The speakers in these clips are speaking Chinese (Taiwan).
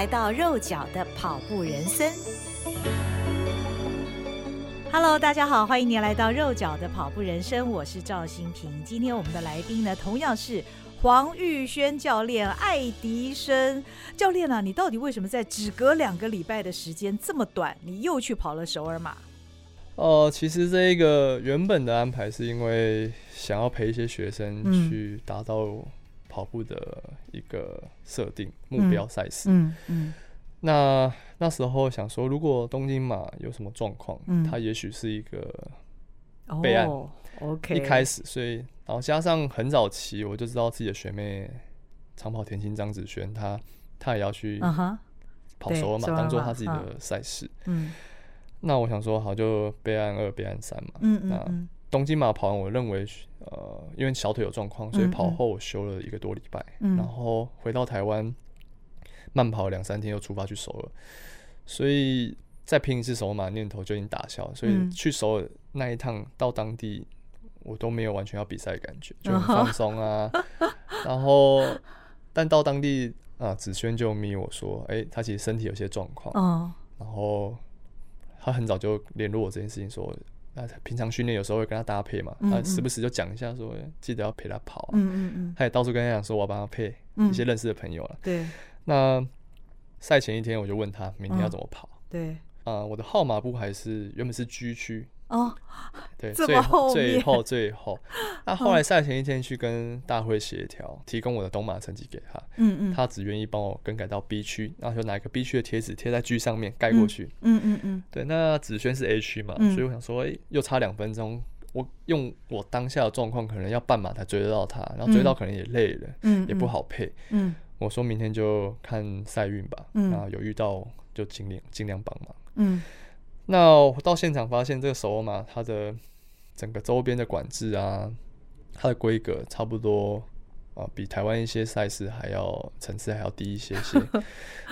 來到肉腳的跑步人蔘，Hello，大家好，歡迎您來到肉腳的跑步人蔘，我是趙心屏。今天我們的來賓呢，同樣是黃毓軒教練，愛迪生教練啊，你到底為什麼在只隔兩個禮拜的時間這麼短，你又去跑了首爾馬？哦、呃，其實這一個原本的安排是因為想要陪一些學生去達到。嗯跑步的一個設定目標賽事，嗯嗯，嗯嗯那那時候想說，如果東京馬有什麼狀況，嗯，他也許是一個備案，OK，、哦、一開始，嗯、所以然後加上很早期我就知道自己的學妹、嗯、長跑甜心張芷瑄，她她也要去，跑熟了嘛，嗯、當做她自己的賽事，嗯，那我想說好，好就備案二、備案三嘛，嗯嗯，嗯那東京馬跑完，我認為。呃，因為小腿有狀況，所以跑後我休了一個多禮拜，嗯、然後回到台灣慢跑兩三天，又出發去首爾，所以再拼一次首馬念頭就已經打消，所以去首爾那一趟到當地，我都沒有完全要比賽的感覺，就很放鬆啊。哦、然後， 但到當地啊，芷瑄就密我說，哎、欸，她其實身體有些狀況，哦、然後她很早就聯絡我這件事情說。那平常訓練有時候會跟他搭配嘛，啊、嗯嗯，他時不時就講一下說，記得要陪他跑，啊，嗯嗯嗯，他也到處跟他講說，我要幫他配，嗯、一些認識的朋友了，啊。對，那賽前一天我就問他明天要怎麼跑，嗯、對，啊、呃，我的號碼布還是原本是 G 區。哦，對，最後最後最後，那後來賽前一天去跟大會協調，提供我的東馬成績給他，嗯嗯，他只願意幫我更改到 B 區，然後就拿一個 B 區的貼紙貼在 G 上面蓋過去，嗯嗯嗯，對，那芷瑄是 A 區嘛，所以我想說，哎，又差兩分鐘，我用我當下的狀況可能要半馬才追得到他，然後追到可能也累了，也不好配，嗯，我說明天就看賽運吧，然後有遇到就盡量盡量幫忙，嗯。那到現場發現，這個首爾馬，它的整個周邊的管制啊，它的規格差不多啊、呃，比台灣一些賽事還要層次還要低一些些，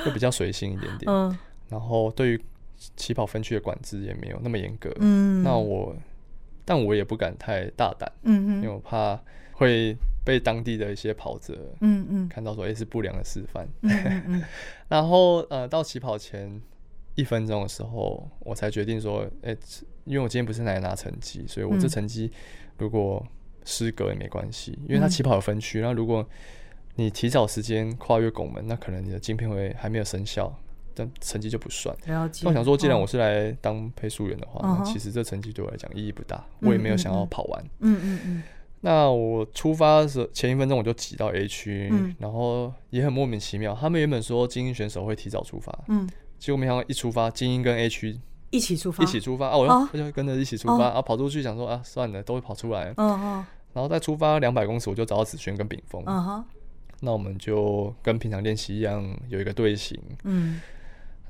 就比較隨性一點點。然後對於起跑分區的管制也沒有那麼嚴格。 嗯、那我，但我也不敢太大膽，因為我怕會被當地的一些跑者，看到說這、欸、是不良的示範。 然後呃，到起跑前。一分鐘的時候，我才決定說，哎、欸，因為我今天不是來拿成績，所以我這成績如果失格也沒關係，嗯、因為他起跑有分區，那如果你提早時間跨越拱門，那可能你的晶片會還沒有生效，但成績就不算。但我想說，既然我是來當配速員的話，哦、那其實這成績對我來講意義不大，嗯、我也沒有想要跑完。嗯嗯，嗯那我出發的時候，前一分鐘我就擠到 A 區，嗯、然後也很莫名其妙，他們原本說精英選手會提早出發，嗯結果沒想到一出發，精英跟 A 區一起出發，一起出發哦，我就跟着一起出發，啊，我出 oh. 啊跑出去想說啊，算了，都會跑出來。Oh. 然後再出發兩百公尺，我就找到芷瑄跟秉豐。Uh huh. 那我們就跟平常練習一樣，有一個隊形。嗯、uh。Huh.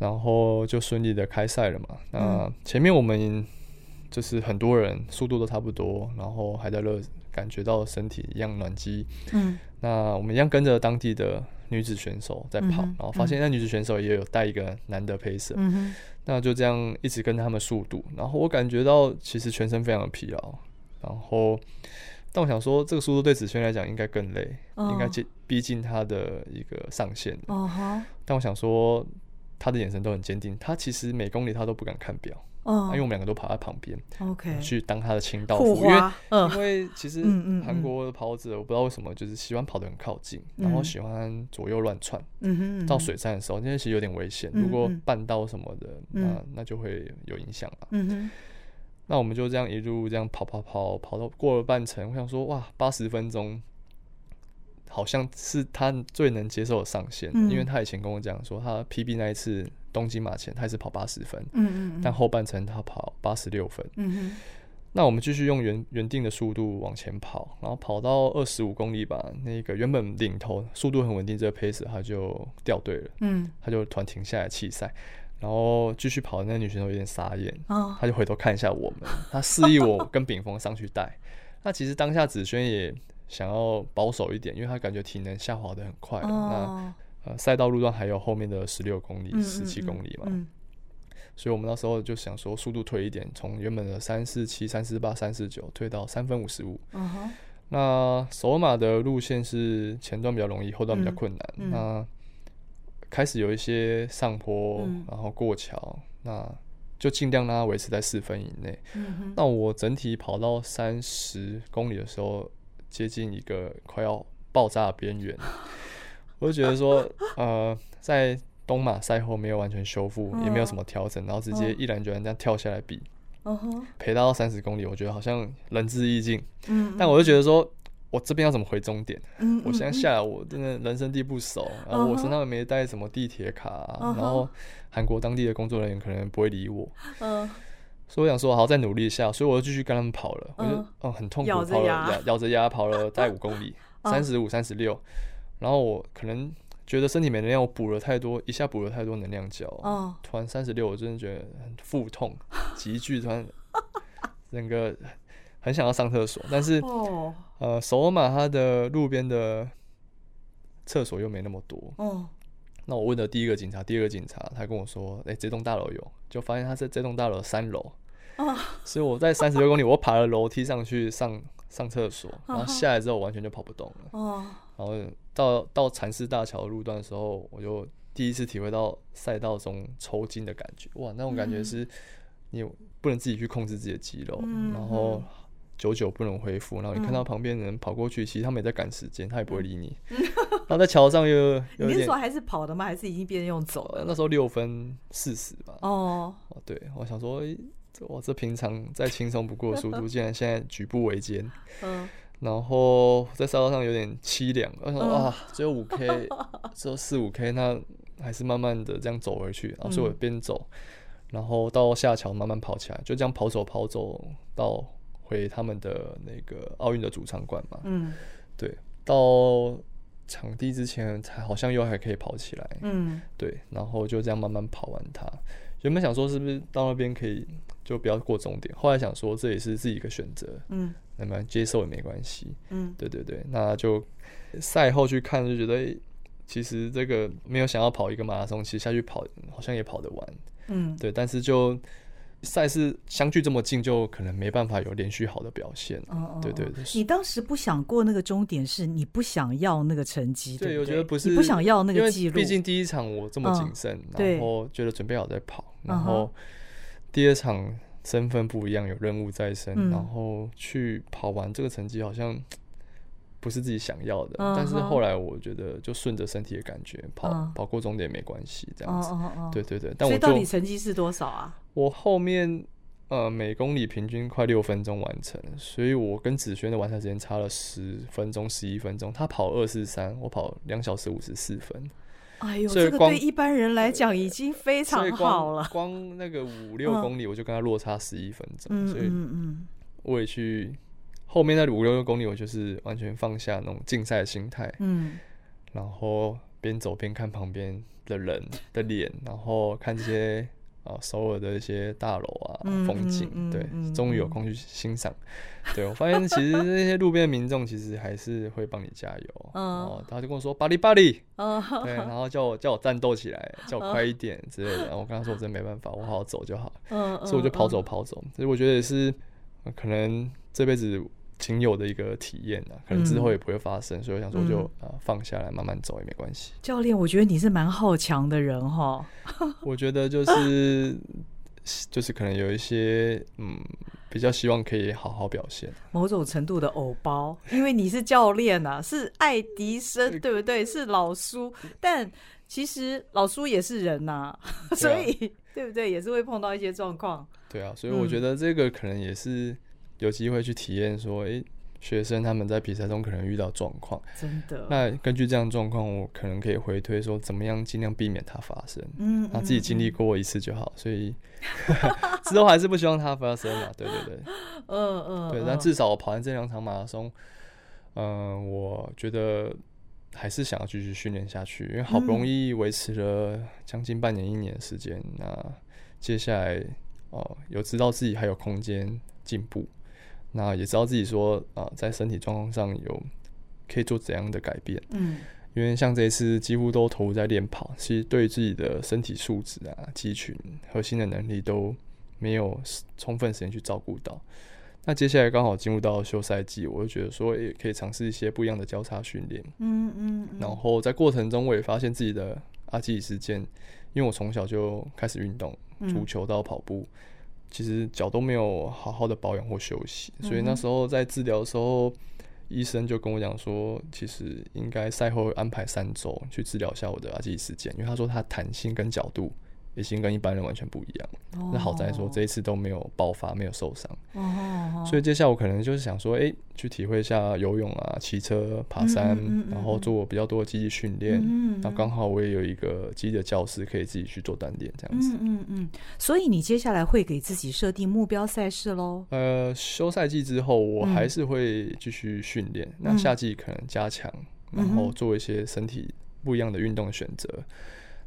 然後就順利的開賽了嘛。Uh huh. 那前面我們就是很多人速度都差不多，然後還在熱，感覺到身體一樣暖機。嗯、uh。Huh. 那我們一樣跟着當地的。女子選手在跑，嗯嗯、然後發現那女子選手也有帶一個男的配色，嗯、哼那就這樣一直跟他們速度。然後我感覺到其實全身非常的疲勞，然後但我想說這個速度對芷瑄來講應該更累，哦、應該接逼近她的一個上限。哦哈但我想說他的眼神都很堅定，他其實每公里他都不敢看表。嗯，因為我們兩個都跑在旁邊，OK，去當他的清道夫，因為因為其實韓國的跑者，我不知道為什麼就是喜歡跑得很靠近，然後喜歡左右亂竄。嗯哼，到水站的時候，因為其實有點危險，如果絆倒什麼的，那那就會有影響了。嗯哼，那我們就這樣一路這樣跑跑跑，跑到過了半程，我想說哇，八十分鐘。好像是他最能接受的上限，嗯、因為他以前跟我講說，他 PB 那一次東京馬前，他也是跑八十分，嗯嗯，但後半程他跑八十六分，嗯哼那我們繼續用原原定的速度往前跑，然後跑到二十五公里吧，那個原本領頭速度很穩定這個 pace，他就掉隊了，嗯，他就突然停下來棄賽，然後繼續跑的那個女選手有點傻眼，哦、他就回頭看一下我們，他示意我跟秉豐上去帶， 那其實當下芷瑄也。想要保守一點，因為他感覺體能下滑的很快。Oh. 那呃賽道路段還有後面的十六公里，十七、嗯、公里嘛，嗯嗯嗯、所以我們那時候就想說速度推一點，從原本的三四七、三四八、三四九推到三分五十五。Uh huh. 那首馬的路線是前段比較容易，後段比較困難。嗯嗯、那開始有一些上坡，嗯、然後過橋，那就盡量讓它維持在四分以內。嗯、哼那我整體跑到三十公里的時候，接近一個快要爆炸的邊緣， 我就覺得說，呃，在東馬賽後沒有完全修復，嗯啊、也沒有什麼調整，然後直接毅然決然這樣跳下來比，嗯、陪到三十公里，我覺得好像仁至義盡。嗯嗯，但我就覺得說我這邊要怎麼回終點？嗯嗯嗯，我現在下來，我真的人生地不熟，然後我身上又沒帶什麼地鐵卡、啊，嗯嗯，然後韓國當地的工作人員可能不會理我。嗯嗯所以我想說，我好，再努力一下。所以我就繼續跟他們跑了，嗯、我就哦、嗯、很痛苦，咬着牙，咬着牙跑了大概五公里，三十五、三十六。然後我可能覺得身體沒能量，我補了太多，一下補了太多能量膠，嗯、突然三十六，我真的覺得很腹痛，急劇，突然整個很想要上廁所，但是、哦、呃，首爾馬它的路邊的廁所又沒那麼多。哦，那我問了第一個警察，第二個警察，他跟我說，哎、欸，這棟大樓有。就發現他在這棟大樓三樓，oh. 所以我在三十六公里，我爬了樓梯上去上 上，上廁所，然後下來之後完全就跑不動了，oh. Oh. 然後到到蠶室大橋路段的時候，我就第一次體會到賽道中抽筋的感覺，哇，那種感覺是，你不能自己去控制自己的肌肉，mm hmm. 然後。久久不能恢復，然後你看到旁邊人跑過去，其實他們也在趕時間，他也不會理你。他在橋上又，你是說還是跑的嗎？還是已經變用走了？那時候六分四十吧。哦，對，我想說，哇，這平常再輕鬆不過的速度，竟然現在舉步維艱。嗯，然後在賽道上有點淒涼，我想說啊，只有五 K，只有四五 K，那還是慢慢的這樣走回去。然後我邊走，然後到下橋慢慢跑起來，就這樣跑走跑走到。回他們的那個奧運的主場館嘛，嗯，對，到場地之前，才好像又還可以跑起來，嗯，對，然後就這樣慢慢跑完它。他原本想說是不是到那邊可以就不要過終點，後來想說這也是自己一個選擇，嗯，能不能接受也沒關係，嗯，對對對，那就賽後去看就覺得，其實這個沒有想要跑一個馬拉松，其實下去跑好像也跑得完，嗯，對，但是就。賽事相距這麼近，就可能沒辦法有連續好的表現。對對對，你當時不想過那個終點，是你不想要那個成績，對，對我覺得不是，你不想要那個記錄。畢竟第一場我這麼謹慎，然後覺得準備好再跑，然後第二場身份不一樣，有任務在身，然後去跑完這個成績好像。不是自己想要的，uh huh. 但是後來我覺得就順着身體的感覺、uh huh. 跑，跑過終點也沒關係，這樣子。Uh huh. 對對對，uh huh. 但我到底成績是多少啊？我後面呃每公里平均快六分鐘完成，所以我跟芷瑄的完成時間差了十分鐘、十一分鐘。他跑二四三，我跑兩小時五十四分。哎呦，所以光這對一般人來講已經非常好了光。光那個五六公里，我就跟他落差十一分鐘，uh huh. 所以嗯嗯，我也去。後面那五六六公里，我就是完全放下那種競賽的心態，然後邊走邊看旁邊的人的臉，然後看這些呃首爾的一些大樓啊風景，對，終於有空去欣賞。對，我發現其實那些路邊的民眾其實還是會幫你加油，哦，他就跟我說“巴里巴里”，對，然後叫我叫我戰鬥起來，叫我快一點之類的。我跟他說：“我真沒辦法，我好好走就好。”所以我就跑走跑走。所以我覺得也是可能這輩子。僅有的一個體驗啊，可能之後也不會發生，嗯、所以我想說我就啊、嗯呃、放下來，慢慢走也沒關係。教練，我覺得你是蠻好強的人哈。我覺得就是， 是就是可能有一些嗯，比較希望可以好好表現，某種程度的偶包，因為你是教練吶、啊，是愛迪生 對不對？是老酥， 但其實老酥也是人吶、啊，啊、 所以對不對？也是會碰到一些狀況。對啊，所以我覺得這個可能也是。嗯有機會去體驗，說，哎、欸，學生他們在比賽中可能遇到狀況，真的。那根據這樣狀況，我可能可以回推說，怎麼樣盡量避免它發生。嗯，他、啊嗯、自己經歷過一次就好，所以 之後還是不希望它發生嘛。對對對，對，嗯嗯、呃。呃、對，但至少我跑完這兩場馬拉松，嗯、呃，我覺得還是想要繼續訓練下去，因為好不容易維持了將近半年一年的時間，嗯、那接下來哦、呃，有知道自己還有空間進步。那也知道自己說啊，在身體狀況上有可以做怎樣的改變，嗯，因為像這一次幾乎都投入在練跑，其實對自己的身體素質啊、肌群、核心的能力都沒有充分時間去照顧到。那接下來剛好進入到休賽季，我就覺得說也可以嘗試一些不一樣的交叉訓練。嗯，嗯嗯，然後在過程中我也發現自己的阿基里斯腱，因為我從小就開始運動，足球到跑步。嗯其實腳都沒有好好的保養，或休息，所以那時候在治療的時候，嗯、哼醫生就跟我講說，其實應該賽後安排三週去治療一下我的阿基里斯腱，因為他說他彈性跟角度。心跟一般人完全不一樣。Oh. 那好在說這一次都沒有爆發，沒有受傷。Oh. Oh. Oh. 所以接下來我可能就是想說，哎、欸，去體會一下游泳啊、騎車、爬山，mm hmm. 然後做比較多的肌力訓練。那剛、mm hmm. 好我也有一個肌力的教室，可以自己去做單練這樣子。嗯嗯嗯。Hmm. 所以你接下來會給自己設定目標賽事嘍？呃，休賽季之後，我還是會繼續訓練。Mm hmm. 那夏季可能加強，然後做一些身體不一樣的運動的選擇。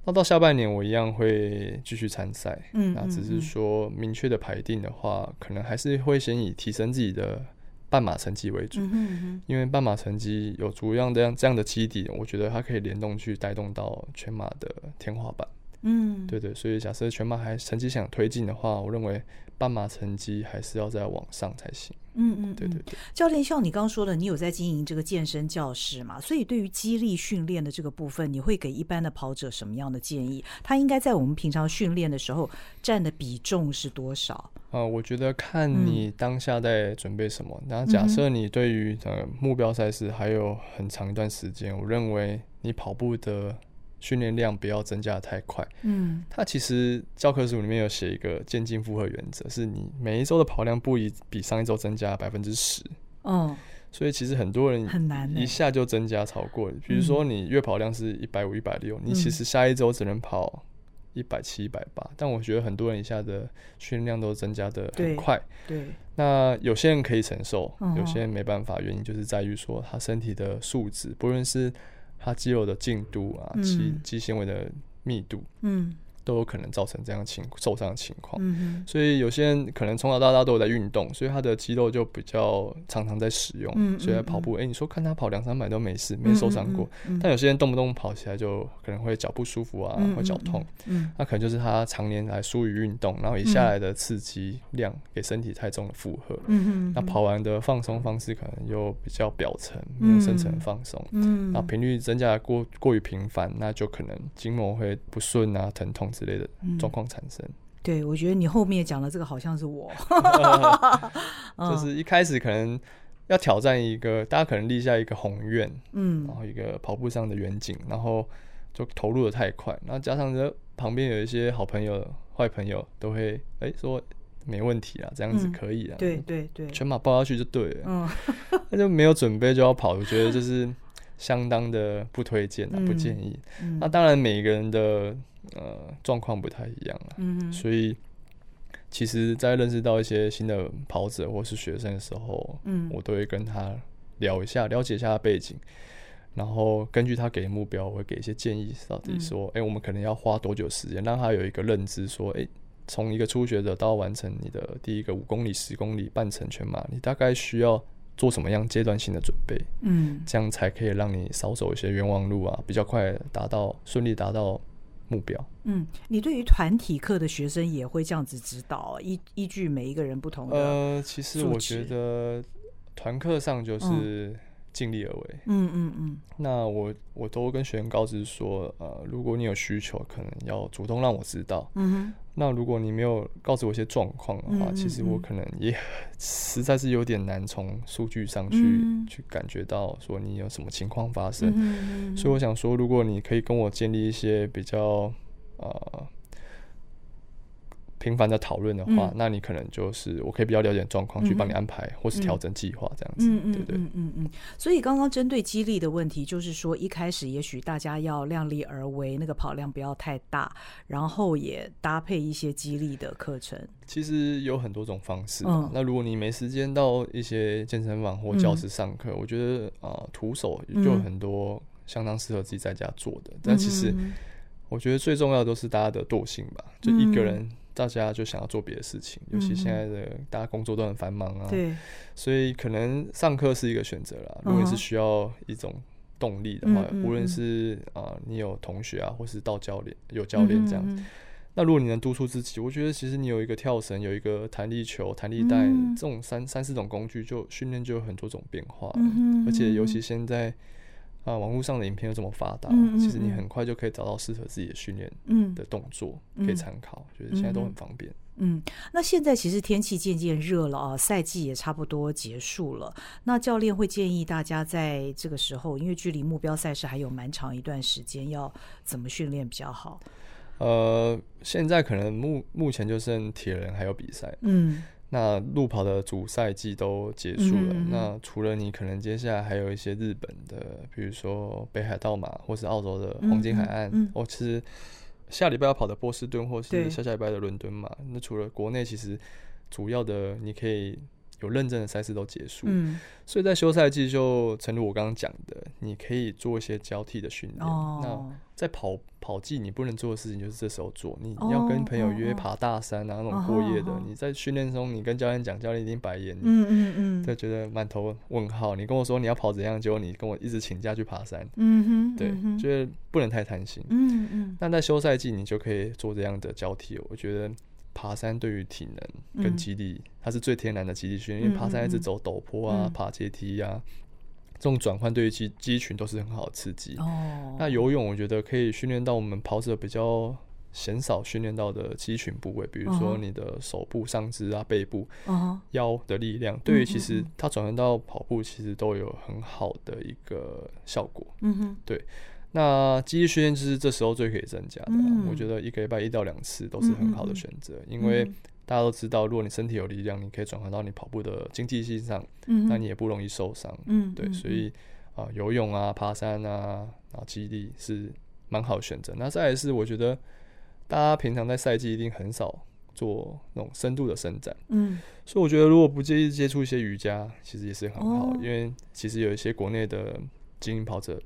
那到下半年，我一樣會繼續參賽，嗯嗯嗯那只是說明確的排定的話，可能還是會先以提升自己的半馬成績為主，嗯嗯嗯因為半馬成績有足樣的這樣的基底，我覺得它可以聯動去帶動到全馬的天花板。嗯，對對，所以假設全馬還成績想推進的話，我認為半馬成績還是要再往上才行。嗯嗯，嗯嗯對對，對教練，像你剛說的，你有在經營這個健身教室嘛？所以對於肌力訓練的這個部分，你會給一般的跑者什麼樣的建議？他應該在我們平常訓練的時候佔的比重是多少？啊、呃，我覺得看你當下在準備什麼。那、嗯、假設你對於呃目標賽事還有很長一段時間，嗯、哼我認為你跑步的。訓練量不要增加的太快。嗯，他其實教科書裡面有寫一個漸進負荷原則，是你每一周的跑量不宜比上一周增加百分之十。嗯、所以其實很多人很難一下就增加超過，欸、比如說你月跑量是一百五、一百六，你其實下一周只能跑一百七、一百八。180，但我覺得很多人一下的訓練量都增加的很快。對，對那有些人可以承受，有些人沒辦法，原因就是在於說他身體的素質，不論是。它肌肉的進度啊，嗯，其肌肌纖維的密度。嗯都有可能造成這樣情受傷的情況，所以有些人可能從小到大都有在運動，所以他的肌肉就比較常常在使用，所以他跑步，哎，你說看他跑兩三百都沒事，沒受傷過，但有些人動不動跑起來就可能會腳不舒服啊，或腳痛，那可能就是他常年來疏於運動，然後一下來的刺激量給身體太重的負荷，那跑完的放鬆方式可能又比較表層，沒有深層放鬆，然後頻率增加過過於頻繁，那就可能筋膜會不順啊，疼痛。之類的狀況產生，嗯、對我覺得你後面講的這個好像是我， 就是一開始可能要挑戰一個，大家可能立下一個宏願，嗯，然後一個跑步上的遠景，然後就投入的太快，然後加上這旁邊有一些好朋友、壞朋友都會哎、欸、說沒問題啊，這樣子可以啊、嗯，對對對，全馬報下去就對了，嗯，那 就沒有準備就要跑，我覺得就是相當的不推薦啊，嗯、不建議。嗯、那當然每一個人的。呃，狀況不太一樣了，啊，嗯、哼所以其實，在認識到一些新的跑者或是學生的時候，嗯，我都會跟他聊一下，了解一下背景，然後根據他給的目標，我會給一些建議，到底說，哎、嗯欸，我們可能要花多久時間，讓他有一個認知，說，哎、欸，從一個初學者到完成你的第一個五公里、十公里、半程全馬，你大概需要做什麼樣階段性的準備？嗯，這樣才可以讓你少走一些冤枉路啊，比較快達到，順利達到。目標。嗯，你對於團體課的學生也會這樣子指導，依依據每一個人不同的，呃，其實我覺得團課上就是。嗯。盡力而為，嗯嗯嗯。那我我都跟學員告知說，呃，如果你有需求，可能要主動讓我知道。嗯哼。那如果你沒有告訴我一些狀況的話，嗯嗯嗯。其實我可能也實在是有點難從數據上去嗯嗯。去感覺到說你有什麼情況發生。嗯嗯嗯嗯。所以我想說，如果你可以跟我建立一些比較，呃。頻繁的討論的話，嗯、那你可能就是我可以比較了解狀況，去幫你安排、嗯、或是調整計劃這樣子，嗯嗯、對不對？嗯嗯嗯。所以剛剛針對肌力的問題，就是說一開始也許大家要量力而為，那個跑量不要太大，然後也搭配一些肌力的課程。其實有很多種方式、啊。嗯、那如果你沒時間到一些健身房或教室上課，嗯、我覺得啊、呃，徒手就有很多相當適合自己在家做的。嗯、但其實我覺得最重要的都是大家的惰性吧，嗯、就一個人。大家就想要做別的事情，尤其現在的大家工作都很繁忙啊，嗯嗯，所以可能上課是一個選擇啦。如果你是需要一種動力的話，嗯嗯嗯，無論是啊、呃、你有同學啊，或是到教練，有教練這樣，嗯嗯嗯，那如果你能督促自己，我覺得其實你有一個跳繩，有一個彈力球、彈力帶、嗯嗯、這種三三四種工具就，就訓練就有很多種變化了。嗯嗯嗯，而且尤其現在。啊，網絡上的影片又這麼發達，嗯嗯，其實你很快就可以找到適合自己的訓練的動作，嗯、可以參考。就是、嗯、現在都很方便。嗯，那現在其實天氣漸漸熱了啊，賽季也差不多結束了。那教練會建議大家在這個時候，因為距離目標賽事還有蠻長一段時間，要怎麼訓練比較好？呃，現在可能目目前就剩鐵人還有比賽。嗯。那路跑的主賽季都結束了，嗯、那除了你可能接下來還有一些日本的，比如說北海道嘛，或是澳洲的黃金海岸。嗯嗯、哦，其實下禮拜要跑的波士頓或是下下禮拜的倫敦嘛。對那除了國內，其實主要的你可以。有認證的賽事都結束，嗯、所以在休賽季就，誠如我剛剛講的，你可以做一些交替的訓練。哦、那在跑跑季，你不能做的事情就是這時候做，你要跟朋友約爬大山啊、哦、那種過夜的，哦、你在訓練中你跟教練講，教練一定白眼，就嗯嗯嗯，對，覺得滿頭問號。你跟我說你要跑怎樣，結果你跟我一直請假去爬山，嗯，哼嗯哼對，覺、就、得、是、不能太貪心，嗯嗯，那在休賽季你就可以做這樣的交替，我覺得。爬山對於體能跟肌力，嗯、它是最天然的肌力訓練，嗯、因為爬山一直走陡坡啊，嗯、爬階梯啊，嗯、這種轉換對於肌肌群都是很好的刺激。哦，那游泳我覺得可以訓練到我們跑者比較鮮少訓練到的肌群部位，比如說你的手部、上肢啊、哦、背部、哦、腰的力量，對於其實它轉換到跑步其實都有很好的一個效果。嗯哼，對。那肌力訓練其實這時候最可以增加的、啊嗯，我覺得一個禮拜一到兩次都是很好的選擇，因為大家都知道，如果你身體有力量，你可以轉換到你跑步的經濟性上，那你也不容易受傷。嗯，對，所以啊、呃，游泳啊、爬山啊，然後肌力是蠻好的選擇。那再來是，我覺得大家平常在賽季一定很少做那種深度的伸展，嗯，所以我覺得如果不介意接觸一些瑜伽，其實也是很好，因為其實有一些國內的精英跑者。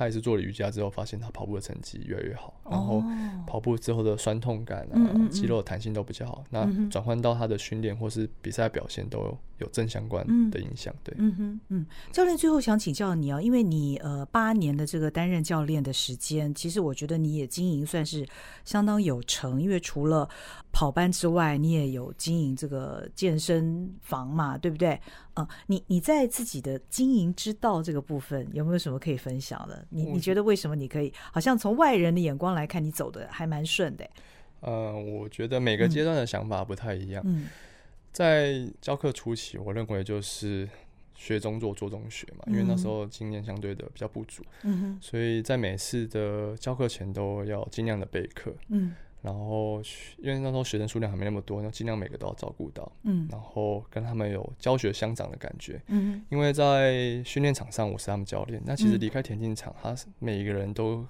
他也是做了瑜伽之後，發現他跑步的成績越來越好，oh. 然後跑步之後的酸痛感啊，mm hmm. 肌肉的彈性都比較好。Mm hmm. 那轉換到他的訓練或是比賽表現都有。有正相關的影響，對，嗯，嗯哼嗯，教練最後想請教你啊、哦，因為你呃八年的這個擔任教練的時間，其實我覺得你也經營算是相當有成，因為除了跑班之外，你也有經營這個健身房嘛，對不對？嗯、呃，你你在自己的經營之道這個部分有沒有什麼可以分享的？你我你覺得為什麼你可以？好像從外人的眼光來看，你走得還的還蠻順的。呃，我覺得每個階段的想法不太一樣。嗯。嗯在教課初期，我認為就是學中做，做中學嘛，嗯、哼因為那時候經驗相對的比較不足，嗯、哼所以在每次的教課前都要盡量的備課，嗯、然後因為那時候學生數量還沒那麼多，要盡量每個都要照顧到，嗯、然後跟他們有教學相長的感覺，嗯、因為在訓練場上我是他們教練，嗯、那其實離開田徑場，他每一個人都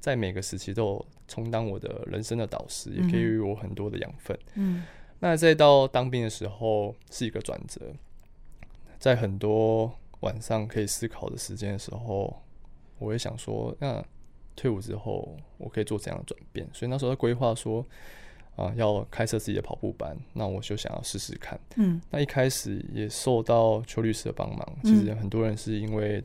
在每個時期都有充當我的人生的導師，嗯、也給予我很多的養分，嗯那再到當兵的時候是一個轉折，在很多晚上可以思考的時間的時候，我會想說，那退伍之後我可以做怎樣的轉變？所以那時候的規劃說，啊、呃，要開設自己的跑步班，那我就想要試試看。嗯，那一開始也受到邱律師的幫忙，其實很多人是因為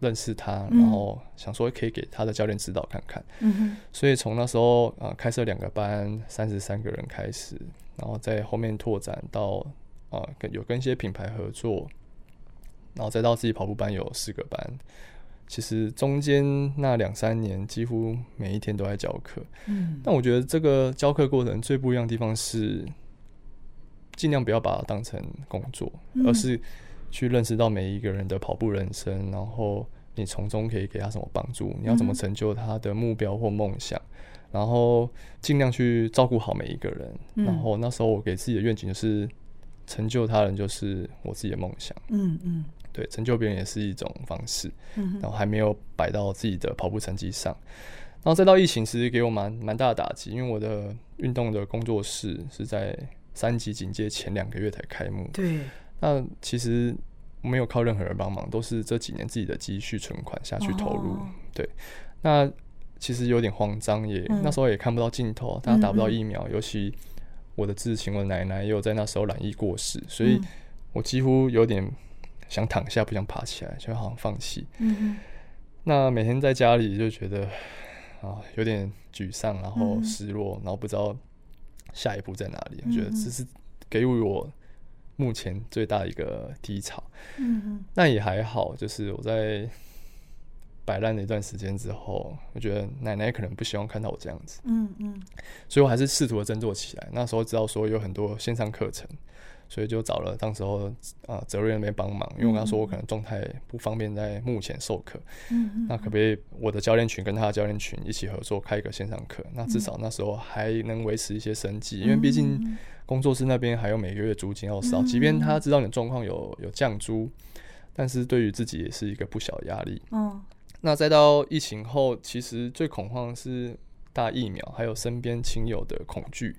認識他，嗯、然後想說可以給他的教練指導看看。嗯哼所以從那時候啊、呃，開設兩個班，三十三個人開始。然後在後面拓展到啊跟，有跟一些品牌合作，然後再到自己跑步班有四個班。其實中間那兩三年，幾乎每一天都在教課。嗯，但我覺得這個教課過程最不一樣的地方是，儘量不要把它當成工作，嗯，而是去認識到每一個人的跑步人生，然後你從中可以給他什麼幫助，嗯，你要怎麼成就他的目標或夢想。然後盡量去照顧好每一個人。嗯、然後那時候我給自己的願景就是成就他人，就是我自己的夢想。嗯嗯，嗯對，成就別人也是一種方式。嗯、哼然後還沒有擺到自己的跑步成績上。然後再到疫情，其實給我蠻蠻大的打擊，因為我的運動的工作室是在三級警戒前兩個月才開幕。對，那其實我沒有靠任何人幫忙，都是這幾年自己的積蓄存款下去投入。哦、對，那。其實有點慌張也，嗯、那時候也看不到盡頭，大家打不到疫苗，嗯嗯，尤其我的至親我的奶奶又在那時候染疫過世，所以我幾乎有點想躺下，不想爬起來，就好像放棄。嗯、哼那每天在家裡就覺得啊有點沮喪，然後失落，嗯、然後不知道下一步在哪裡。嗯、哼我覺得這是給予我目前最大的一個低潮。嗯、哼那也還好，就是我在。擺爛了一段時間之後，我覺得奶奶可能不希望看到我這樣子，嗯嗯，嗯，所以我還是試圖的振作起來。那時候知道說有很多線上課程，所以就找了當時候啊呃、澤瑞那邊幫忙，因為我剛說我可能狀態不方便在目前授課，嗯、那可不可以我的教練群跟他的教練群一起合作開一個線上課？那至少那時候還能維持一些生計，嗯、因為畢竟工作室那邊還有每個月租金要燒，嗯、即便他知道你的狀況有有降租，但是對於自己也是一個不小的壓力，嗯、哦。那再到疫情後，其實最恐慌的是打疫苗，還有身邊親友的恐懼。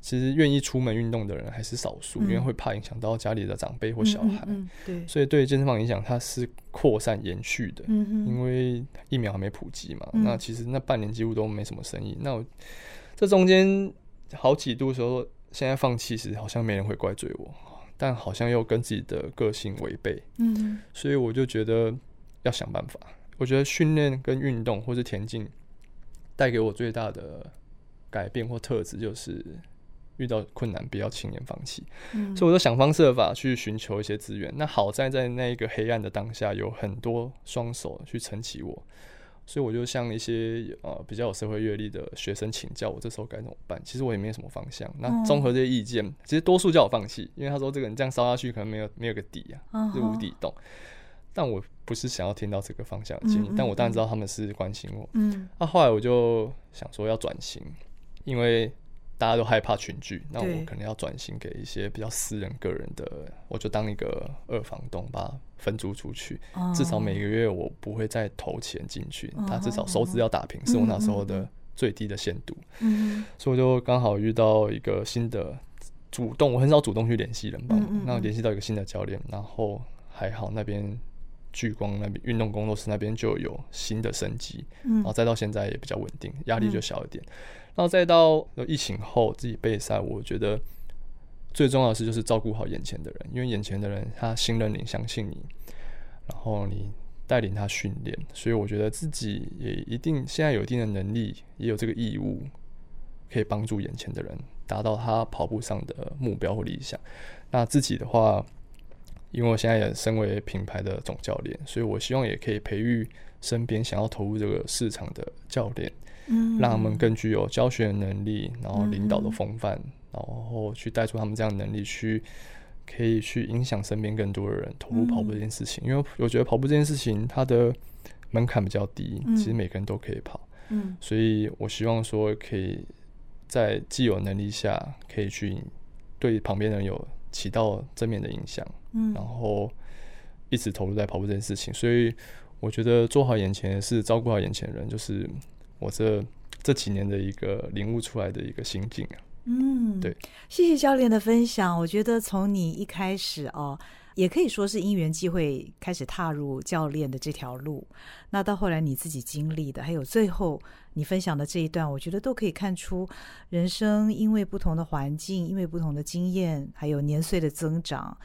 其實願意出門運動的人還是少數，嗯、因為會怕影響到家裡的長輩或小孩。嗯嗯嗯、對，所以對健身房影響它是擴散延續的。嗯、哼因為疫苗還沒普及嘛，嗯、哼那其實那半年幾乎都沒什麼生意。嗯、那我這中間好幾度的時候，現在放棄時好像沒人會怪罪我，但好像又跟自己的個性違背。嗯哼。所以我就覺得要想辦法。我覺得訓練跟運動或是田徑帶給我最大的改變或特質，就是遇到困難不要輕言放棄，嗯、所以我就想方設法去尋求一些資源。那好在在那個黑暗的當下，有很多雙手去撐起我，所以我就向一些呃比較有社會閱歷的學生請教，我這時候該怎麼辦？其實我也沒什麼方向。哦、那綜合這些意見，其實多數叫我放棄，因為他說這個人這樣燒下去，可能沒有沒有個底啊，哦、哈是無底洞。但我。不是想要聽到這個方向的建議，嗯嗯嗯，但我當然知道他們是關心我。嗯，那、啊、後來我就想說要轉型，因為大家都害怕群聚，那我可能要轉型給一些比較私人、個人的，對我就當一個二房東吧，分租出去。啊、至少每個月我不會再投錢進去，他、啊、至少收支要打平，嗯嗯是我那時候的最低的限度。嗯，所以我就剛好遇到一個新的主動，我很少主動去聯繫人吧。嗯嗯嗯，那聯繫到一個新的教練，然後還好那邊。聚光那邊，運動工作室那邊就有新的升級，嗯、然後再到現在也比較穩定，壓力就小一點。嗯、然後再到疫情後自己備賽，我覺得最重要的事就是照顧好眼前的人，因為眼前的人他信任你、相信你，然後你帶領他訓練，所以我覺得自己也一定現在有一定的能力，也有這個義務可以幫助眼前的人達到他跑步上的目標或理想。那自己的話。因為我現在也身為品牌的總教練，所以我希望也可以培育身邊想要投入這個市場的教練，讓他們更具有教學的能力，然後領導的風範，然後去帶出他們這樣的能力去，去可以去影響身邊更多的人投入跑步這件事情。因為我覺得跑步這件事情它的門檻比較低，其實每個人都可以跑，嗯，所以我希望說可以在既有能力下，可以去對旁邊人有。起到正面的影響，嗯，然後一直投入在跑步這件事情，所以我覺得做好眼前的事，照顧好眼前人，就是我這這幾年的一個領悟出來的一個心境啊。嗯，對，謝謝教練的分享。我覺得從你一開始哦，也可以說是因緣際會開始踏入教練的這條路，那到後來你自己經歷的，還有最後你分享的這一段，我覺得都可以看出，人生因為不同的環境，因為不同的經驗，還有年歲的增長，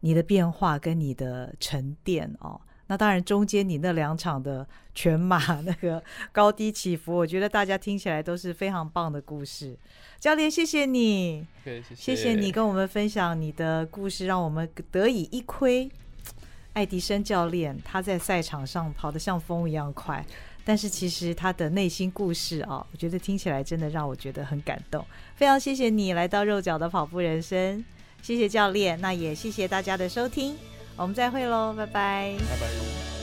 你的變化跟你的沉澱哦。那當然，中間你那兩場的全馬那個高低起伏，我覺得大家聽起來都是非常棒的故事。教練，謝謝你，謝謝你跟我們分享你的故事，讓我們得以一窺愛迪生教練他在賽場上跑得像風一樣快，但是其實他的內心故事啊，我覺得聽起來真的讓我覺得很感動。非常謝謝你來到《肉腳的跑步人生》，謝謝教練，那也謝謝大家的收聽。我們再會嘍，拜拜。拜拜。